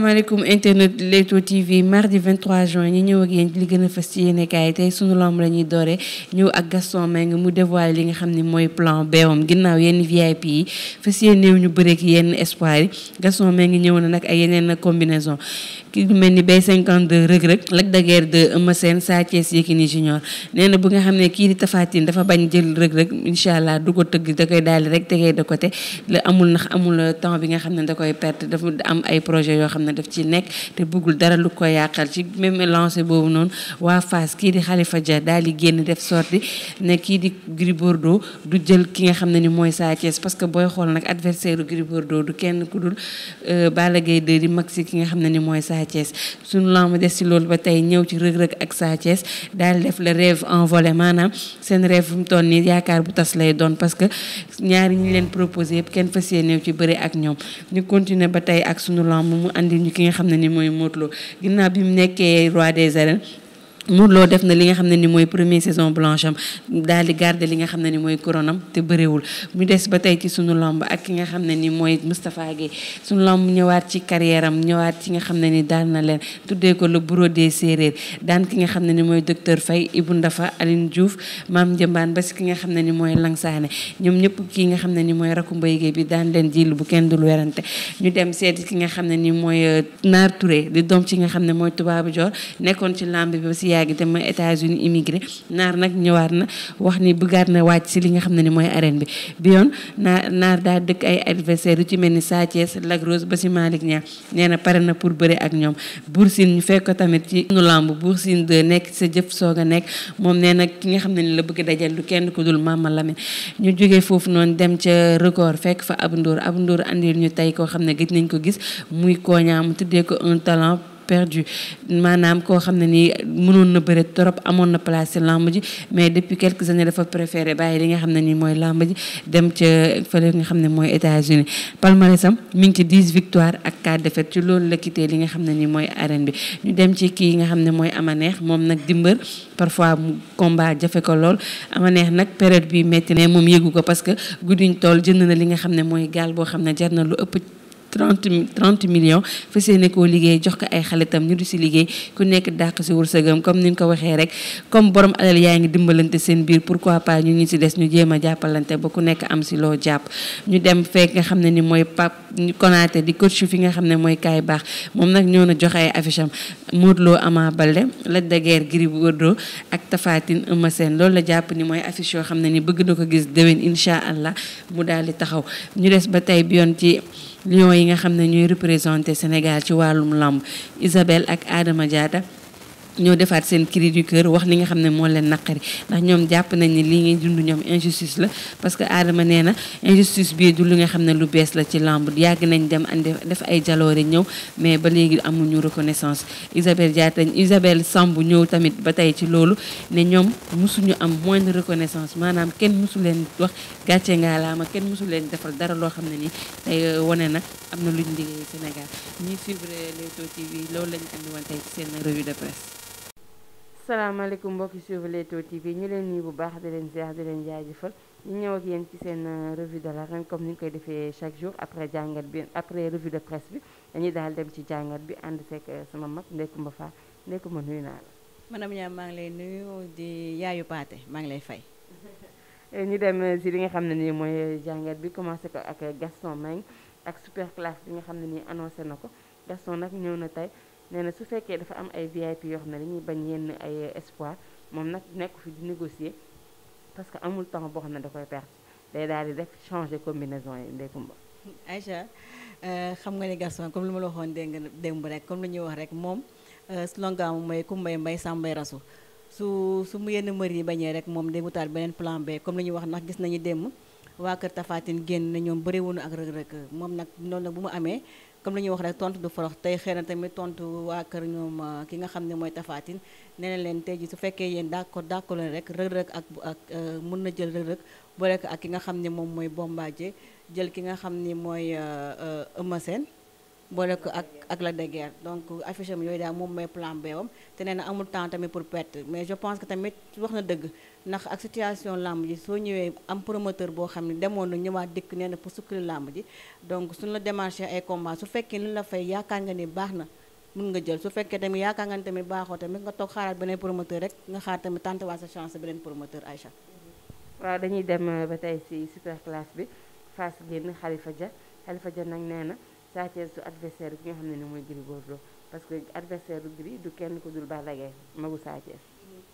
asalaamaaleykum internet Leewtoo TV mardi 23 juin ñu ñëw ak yéen li gën a fas ci yéene kaay tey sunu lamb la ñuy doore ñëw ak Gaston Mbengue mu dévoilé li nga xam ne mooy plan beewam ginnaaw yenn VIP yi fas yéeneew ñu bëreek yenn espoir yi Gaston Mbengue ñëw na nag ay yeneen combinaison ki mel ni bay 52 Reug Reug Lac de Guiers 2 Eumeu Sène Sa Thiès nee na bu nga xam ne kii di Tapha Tine dafa bañ jël Reug Reug incha allah du ko tëgg da koy daal rek tegee de côté amul nax amul temps bi nga xam ne da koy perte dafa am ay projet yoo xam ne ne daf ci nekk te bëggul dara lu ko yàqal ci même lancé boobu noonu waa Fass kii di Khalifa Dia daal di génn def sorti ne kii di Gris Bordeaux du jël ki nga xam ne ni mooy Sa Thiès parce que booy xool nag adversaire u Gris Bordeaux du kenn ku dul euh, Balla Gaye 2 di mag ki nga xam ne ni mooy Sa Thiès suñu lamb des si loolu ba tey ñëw ci rëg-rëg ak Sa Thiès daal def le rêve envolé maanaam seen rêve bu mu toll nii yaakaar bu tas lay doon parce que ñaari ñi leen proposé yëpp kenn fas yéene ci bëri ak ñoom nuyu ki nga xam ne ni mooy Modou Lo ginnaaw bi mu nekkee roi des arènes Modou Lo def na li nga xam ne ni mooy première saison blanche am daal di garder li nga xam ne ni mooy couronam te bëriwul mu des ba tey ci suñu lamb ak ki nga xam ne ni mooy Moustapha Guèye sunu lamb ñëwaat ci carrière ñëwaat ci nga xam ne ni daal na leen tuddee ko le bureau des séeréer ki nga xam ne ni mooy docteur Faye Ibou Ndafa Aline Diouf maam Njëmbaan ba si ki nga xam ne ni mooy Langsaane ñoom ñëpp ki nga xam ne ni mooy rakku Mbaye bi daan leen jil bu kenn dul werante ñu dem seet ki nga xam ne ni mooy euh, Naar Touré di doom ci nga xam ne mooy tubaabu Joor nekkoon ci lamb bi ba si yaa ngi dem États-Unis immigré naar nag ñëwaat na wax ni bëggaat na wàcc si li nga xam ne ni mooy arène bi bi yoon naar naar daa dëkk ay adversaire yu ci mel ni Sa Thiès Lac Rose ba si Malick Niang nee na pare na pour bëre ak ñoom Bour Sine ñu fekk ko tamit ci nu lamb Bour Sine de nekk sa jëf soog nekk moom nee na ki nga xam ne ni la bëgg dajal lu kenn ko dul Mama Lamine ñu jógee foofu noonu dem ca record fekk fa Abou Ndour Abou Ndour andil ñu tey koo xam ne gëj perdu maanaam koo xam ne nii mënoon na bëre trop amoon na place ci lamb ji mais depuis quelques années dafa préféré bàyyi li nga xam ne nii mooy lamb ji dem ne mooy États-Unis palmarèsam mi ngi ci 10 victoires ak 4 défaites ci loolu la nga xam ne nii mooy arène bi ñu dem ci kii xam ne mooy Amaneex moom nag dimbër parfois combat jafe ko lool Amaneex nag période bi metti ne moom yëgu ko parce que guddiñ tool jënd na li nga xam ne mooy gaal boo xam ne jar na lu ëpp trente trente millions fas koo liggéey jox ko ay xalitam tam ñu di si liggéey ku nekk dàq si wërsëgam comme ni ñu ko waxee rek comme borom alal yaa ngi dimbalante seen biir pourquoi pas ñu si des ñu jéem a jàppalante ba ku nekk am si jàpp ñu dem fekk nga xam ne ni mooy pap konaate di coach fi nga xam ne mooy kaay baax moom nag ñoo na joxe ay affiche am Modou Lo Ama Baldé Lac de Guiers Gris Bordeaux ak tafaatin Tine Eumeu Sène loolu la jàpp ni mooy affiche yoo xam ne ni bëgg na ko gis déwén incha allah mu daal di taxaw ñu des ba tey bi yoon ci lion yi nga xam ne ñooy représenté Sénégal ci wàllum làmb Isabelle ak Adama Diatta ñoo defaat seen cri yu cœur wax li nga xam ne moo leen naqari ndax ñoom jàpp nañ ni lii ngay dund ñoom injustice la parce que Adama nee na injustice bii du li nga xam ne lu bees la ci lamb yàgg nañ dem andi def ay jaloore ñëw mais ba léegi amuñu reconnaissance Isabelle Diatta Isabelle Samb ñëw tamit ba tey ci loolu ne ñoom musuñu am moins de reconnaissance maanaam kenn musu leen wax gàcce ngaa laama kenn musu leen defal dara loo xam ne ni tey euh, wane nag am na luñ liggéey Sénégal ñi suivre Leewtoo TV loolu lañu andi woon tey ci seen revue de asalaamaaleykum mbokki suivre Leewtoo TV ñu leen nuyu bu baax di leen ziar di leen jaajëfal ñu ñëw ak yéen ci seen euh, revue de l'arène comme ni ñu koy defee chaque jour après jàngat bi après revue de presse bi dañuy daal dem ci jàngat bi ànd seeg euh, sama mag Ndeykumba Fall Ndeykumba nuyu naa la. madame Niam maa ngi lay nuyu di yaayu paate maa ngi lay fay. ñu dem si euh, li nga xam ne ni mooy jàngat bi commencé ko ak Gaston Mbengue ak super classe bi nga xam ne nii annoncé na ko Gaston nag ñëw na tey. nee na su fekkee dafa am ay VIP yoo xam ne dañuy bañ yenn ay espoir moom nag nekku fi di négocier parce que amul temps boo xam ne da koy perte day daal di def changer combinaison yi ndey kumba Aïcha euh, xam nga ni Gaston comme lu ma la waxoon dégg nga démb rek comme lu ñuy wax rek moom euh, slogan mooy ku mbay mbay sàmbay rasu su su mu yenn mër yi bañee rek moom day wutaat beneen plan comme lu ñuy wax ndax gis nañu démb waa kër Tafatine génn na ñoom bëriwunu ak rëg-rëg moom nag noonu nag bu mu amee comme la ñuy wax rek tontu du forox tey xëy na tamit tontu waa kër ñoom euh, ki nga xam ne mooy tafaatin nee na leen tey ji su fekkee yéen d'accord d'accord leen rek rëg-rëg ak ak euh, mën na jël rëg-rëg boole ko ak ki nga xam ne moom mooy Bombardier jël ki nga xam ni mooy euh, Eumeu Sène boole ko ak ak la déguère donc affiche am yooyu daal moom mooy plan B te nee na amul temps tamit pour perte mais je pense que tamit wax na dëgg ndax ak situation làmb ji soo ñëwee am promoteur boo xam ne demoon na ñëwaat dikk nee na pour sukkali làmb ji donc su la démarché ay combat su fekkee li la fay yaakaar nga ni baax na mën nga jël su fekkee tamit yaakaar nga ni tamit baaxoo tamit nga toog xaaraat beneen promoteur rek nga xaar tamit tenter waat sa chance beneen promoteur Aïcha dañuy dem euh, ba tey si super classe bi Fass génn Khalifa Dia Khalifa Dia nag nee na Sa Thiès du adversaire bi nga xam ne ni mooy Gris Bordeaux parce que adversaire du Gris du kenn ko dul Balla Gaye magu Sa Thiès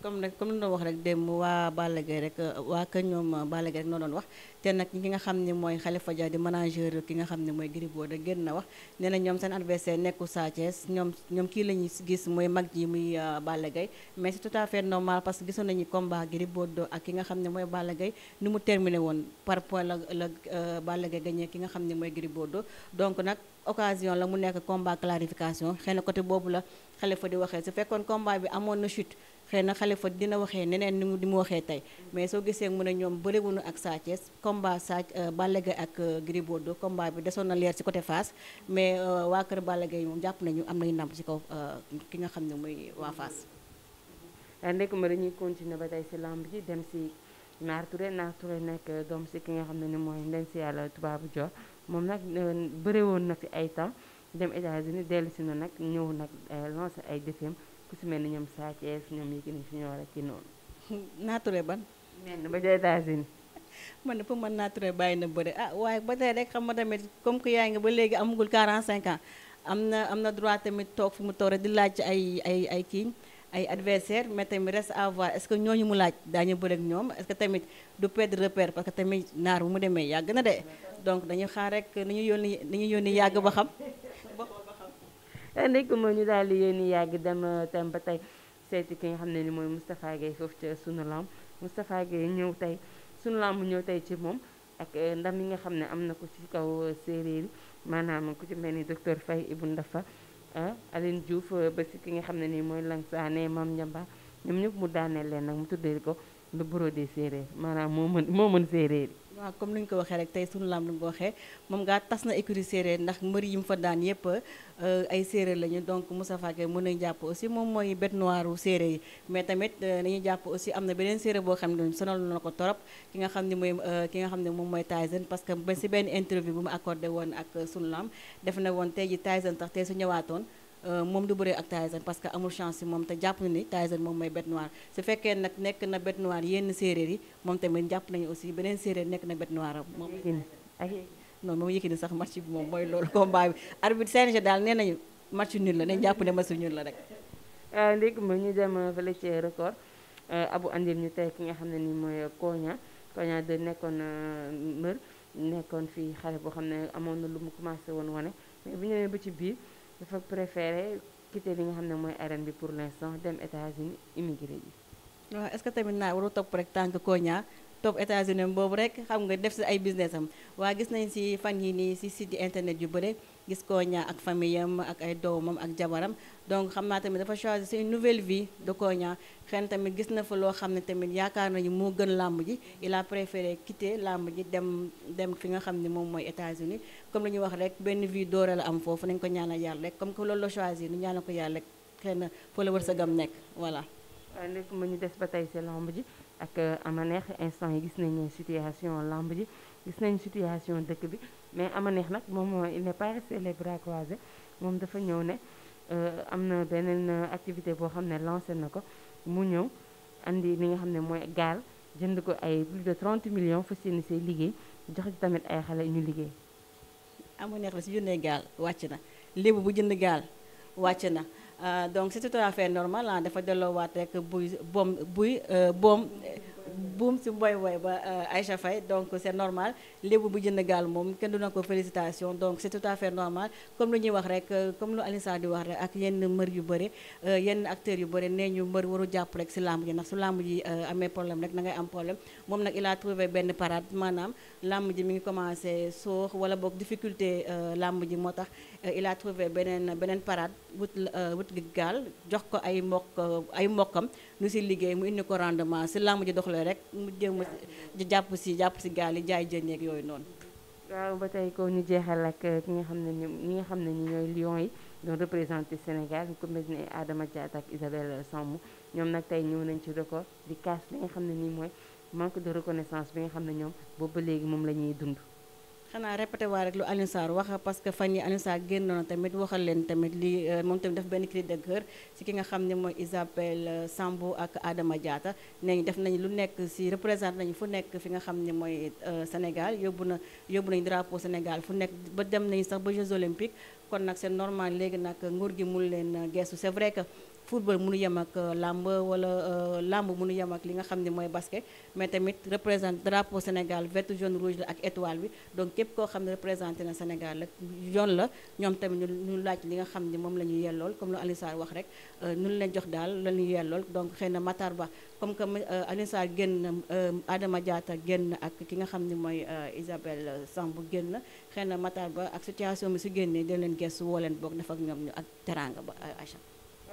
comme nag comme lu doon wax rek démb waa Balla Gaye rek waa kër ñoom Balla Gaye rek noo doon wax te nag ki nga xam ne mooy Khalifa Dia di manager ki nga xam ne mooy Gris Bordeaux génn na wax nee na ñoom seen adversaire nekku Sa Thiès ñoom ñoom kii la ñuy gis mooy mag ji muy euh, Balla mais tout à fait normal parce que gisoon nañu combat Gris Bordeaux ak ki nga xam ne mooy Balla Gaye ni mu terminé woon par point la la euh, Balla Gaye gagné ki nga xam ne mooy Gris Bordeaux donc nag occasion la mu nekk combat clarification xëy na côté boobu la Khalifa di waxee su fekkoon combat bi amoon na chute xëy na Xalifa dina waxee neneen ni mu di mu waxee tey mais soo gisee mu ne ñoom bëriwunu ak Sa Thiès combat Sa euh, Balla ak euh, Gris Bordeaux combat bi desoon na leer ci côté Fass mais euh, waa kër Balla Gaye moom jàpp nañu am nañu ndam ci kaw ki nga xam ne muy waa Fass. ndekkuma dañuy continuer ba tey ci lamb ji dem ci Naar Touré Naar Touré nekk doom ci ki nga xam ne ni mooy ndeñ ci yàlla tubaabu jox moom nag bëre woon na fi ay temps dem États-Unis dellu si na nag ñëw nag lancé ay défém ku si mel ni ñoom Sa Thiès ñoom Yékini Junior ak ki noonu. naature ban. mel ba jooy États-Unis man pour man naature bàyyi na bëre ah waaye ba tey rek xam nga tamit comme que yaay nga ba léegi amagul 45 ans am na am na droit tamit toog fu mu toog rek di laaj ay ay ay kii ay adversaire mais tamit reste à voir est-ce que ñooñu mu laaj daañu bëre ak ñoom est que tamit du perdre repère parce que tamit naar bu mu demee yàgg na de donc dañu xaar rek ni ñu nañu yónni yàgg ba xam. ndekk moo ñu daal di yéen yàgg dem euh, tam ba tey seeti ki nga xam ne ni mooy Moustapha Gueye foofu ca sunu lamb Moustapha Gueye ñëw tey sunu lamb ñëw tey ci moom ak euh, ndam mi nga xam ne am na ko ci kaw euh, séeréer yi maanaam ku ci mel ni docteur fay Ibou Ndafa ah, Aline Diouf ba si ki nga xam ne nii mooy Langsane Mam Njamba ñoom ñëpp mu daaneel leen nag mu tuddee ko le bureau des séeréer maanaam moo mën moo mën séeréer yi waaw comme ni ñu ko waxee rek tey sunu lamb lu nga ko waxee moom ngaa tas na écurie séeréer ndax mbër yi mu fa daan yëpp euh, ay séeréer lañu donc Moussa Faké mën jàpp aussi moom mooy bête noire u séeréer yi mais tamit euh, nañu jàpp aussi am na beneen séeréer boo xam ne sonal na ko torop ki nga xam ne mooy euh, ki nga xam ne moom mooy Tyson parce que ba si benn interview bu mu accordé woon ak sunu lamb def na woon tey ji Tyson tax tey su ñëwaatoon Euh, moom du bëree ak Tyson parce que amul chance si moom te jàpp na ni Tyson moom mooy bête noire su fekkee nag nekk na bête noire yenn séeréer yi moom tamit jàpp nañu aussi beneen séeréer nekk na bête noire am moom non moom sax match bi moom mooy loolu combat bi arbitre CNG daal nee nañu match nul la nañ jàpp ne match nul la rek ndégg euh, ma ñu dem euh, fële record abu andir ñu tey ki nga xam ne ni mooy Koña Koña de nekkoon mbër nekkoon fii xale boo xam ne amoon na lu mu commencé woon wane dafa préféré quitter li nga xam ne mooy arène bi pour l'instant dem États-Unis immigré ji waaw est-ce que tamit naa waru topp rek tànk Konia topp États-Unis boobu rek xam nga def si ay business am waa gis nañ si fan yi nii si site internet yu bëre gis koo Konia ak famille am ak ay doomam ak jabaram donc xam naa tamit dafa choisir c'est une nouvelle vie de Konia xen tamit gis na fa loo xam ne tamit yaakaar nañu moo gën làmb ji il a préféré làmb ji dem dem fi nga xam ne moom mooy États-Unis comme la ñuy wax rek benn vie dooreel am foofu nañ ko ñaanal yàlla rek comme que loolu la choisir ñu ñaanal ko yàlla rek xëy na fa la wërsëgam nekk voilà. waaw euh, léegi mu ñu des ba tey si làmb ji ak euh, ama neex instant yi gis nañu situation làmb ji. gis nañ situation dëkk bi mais Amanekh nag moom il n'est pas resté les bras moom dafa ñëw ne euh, am na beneen euh, activité boo xam ne lancé na ko mu ñëw andi li nga xam ne mooy gaal jënd ko ay plus de 30 million fas yéene see liggéey jox ci tamit ay xale ñu liggéey. Amanekh la si jëndee gaal wàcc na lébu bu jënd gaal wàcc na euh, donc c'est tout à fait normal dafa delloowaat rek buy boom buy boom. buum si mboy woy ba euh, Aïcha Faye donc c' est normal lébu bu jënd gaal moom kenn du na ko félicitation donc c' tout à fait normal comme lu ñuy wax rek euh, comme lu Alioune Sarr di wax rek ak yenn mbër yu bëri euh, yenn acteurs yu bëri nee ñu mbër waru jàpp rek si làmb ji ndax su làmb ji amee problème rek na ngay am problème moom nag il a benn parade maanaam làmb ji mi ngi commencé soox wala boog difficulté làmb ji moo tax il a trouvé beneen beneen parade wut wut gaal jox ko ay mbokk ay mbokkam nu si liggéey mu indi ko rendement si làmb ji doxalee rek mu jéem a jàpp si jàpp si gaal yi jaay jën yeeg yooyu noonu. waaw ba tey ko ñu jeexee ak eh, ki nga xam ne ñi nga xam ne ñi ñooy Lions yi doon représenté Sénégal ku mel ne Adama Diatta ak Isabelle Samb ñoom nag tey ñëw nañ ci record di kaas li nga xam ne nii mooy manque de reconnaissance bi nga xam ne ñoom boobu ba léegi moom la ñuy dund. xanaa répété waa rek lu Alioune Sarr wax parce que fan yi Alioune Sarr génnoon tamit waxal leen tamit li euh, moom tamit def benn cri de cœur si ki nga xam ne mooy Isabelle euh, sambo ak aadama Diatta nee def nañu lu nekk si représenté nañu fu nekk fi nga xam ne mooy euh, Sénégal yóbbu na yóbbu nañu drapeau Sénégal fu nekk ba dem nañu sax ba Jeux olympiques kon nag seen normal léegi nag nguur gi mun leen geesu c'est vrai que football mënu yem ak euh, làmb wala euh, làmb nu yem ak li nga xam ne mooy basket mais tamit représente drapeau Sénégal vert jaune rouge la ak étoile bi donc képp koo xam ne représenté na Sénégal la yoon la ñoom tamit ñu ñu laaj li nga xam ne moom la ñu yellool comme lu Alioune Sarr wax rek euh, ñu leen jox daal la ñu yellool donc xëy na Matar Ba comme que Alioune Sarr génn aadama jaata génn ak ki nga xam ni mooy Isabelle sambu génn xëy na Matar Ba ak situation bi su génnee dina leen gëstu woo leen boog def ak ñoom ñu ak teranga ba Aïcha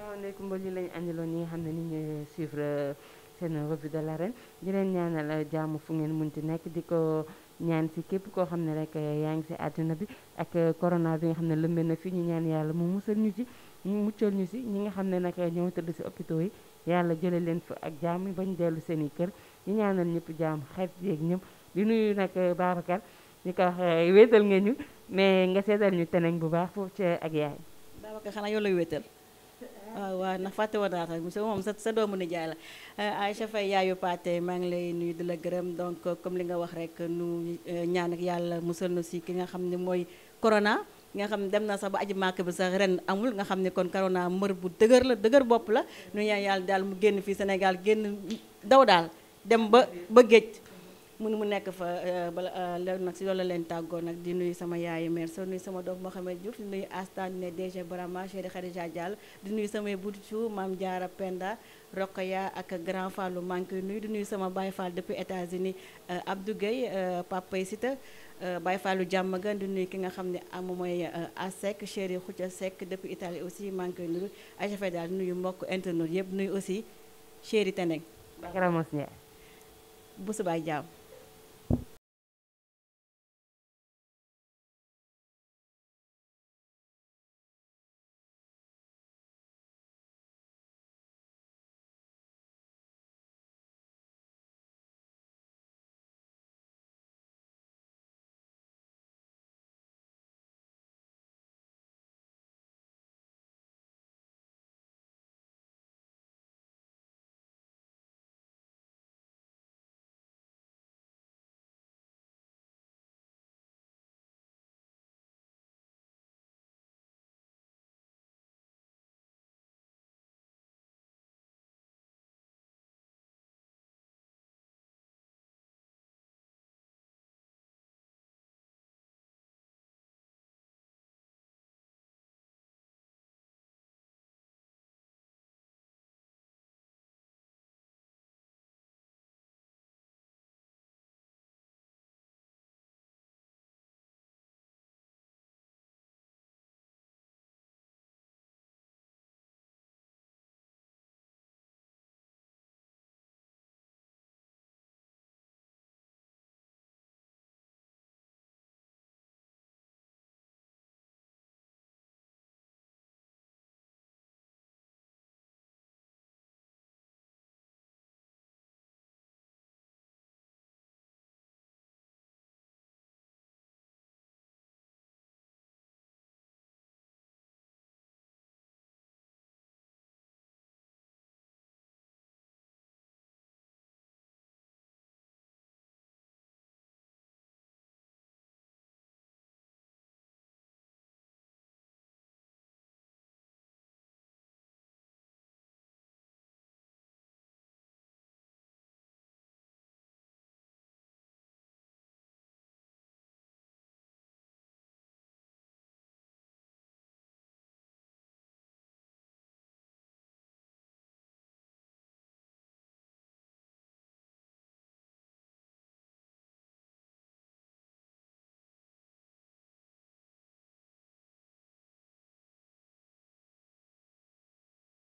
asalaamaaleykum ba li lañ andiloon ñi nga xam ne ni ñuy suivre euh, seen revue de l'arène di leen ñaanal euh, jàmm fu ngeen ci nekk di ko ñaan si képp koo xam ne rek euh, yaa ngi si àddina bi ak corona bi nga xam ne lëmbe na fi ñu ñaan yàlla mu musal ñu ci mu muccal ñu si ñi nga xam ne nag ñoo tëdd si hôpitaux yi yàlla jële leen fa ak jàmm ba ñu dellu seen i kër ñu ñaanal ñëpp jàmm xarit yeeg ñëpp di nuyu nag Babacar di ko wax wéetal nga ñu mais nga seetal ñu teneen bu baax foofu ci ak yaay Babacar xanaa yow waaw ah, waaw ndax fàtte woon naa monsieur moom sa sa doomu nijaay la ah, Aïcha Faye yaayu Pathé maa ngi lay nuyu di la gërëm donc comme li nga wax rek nu eh, ñaan ak yàlla musal na si ki nga xam ni mooy corona. nga xam ne dem naa sax ba aji màkk bi sax ren amul nga xam ne kon corona mbër bu dëgër la dëgër bopp la nu ñaan yàlla daal mu génn fii Sénégal génn daw daal dem ba ba géej. mun mu nekk fa euh, bala euh, loolu nag si lool la leen tàggoon nag di nuyu sama yaayu mère so nuyu sama doom Mouhamed Diouf di nuyu Asta ne DG Barama Chéri Khadija Diall di nuyu samay budcu Maam Jaara Penda Rokhaya ak Grand Fallou maa ngi nuy di nuyu sama Baye Fall depuis États-Unis euh, Abdou Gueye papay Sita Baye Fallou jàmm gan di nuyu ki nga xam ne am mooy Asek Chéri Khoutia Seck depuis Italie aussi maa ngi koy nuyu ajafee daal nuyu mbokk internet yëpp nuyu aussi Chéri Teneng bu subaa jàmm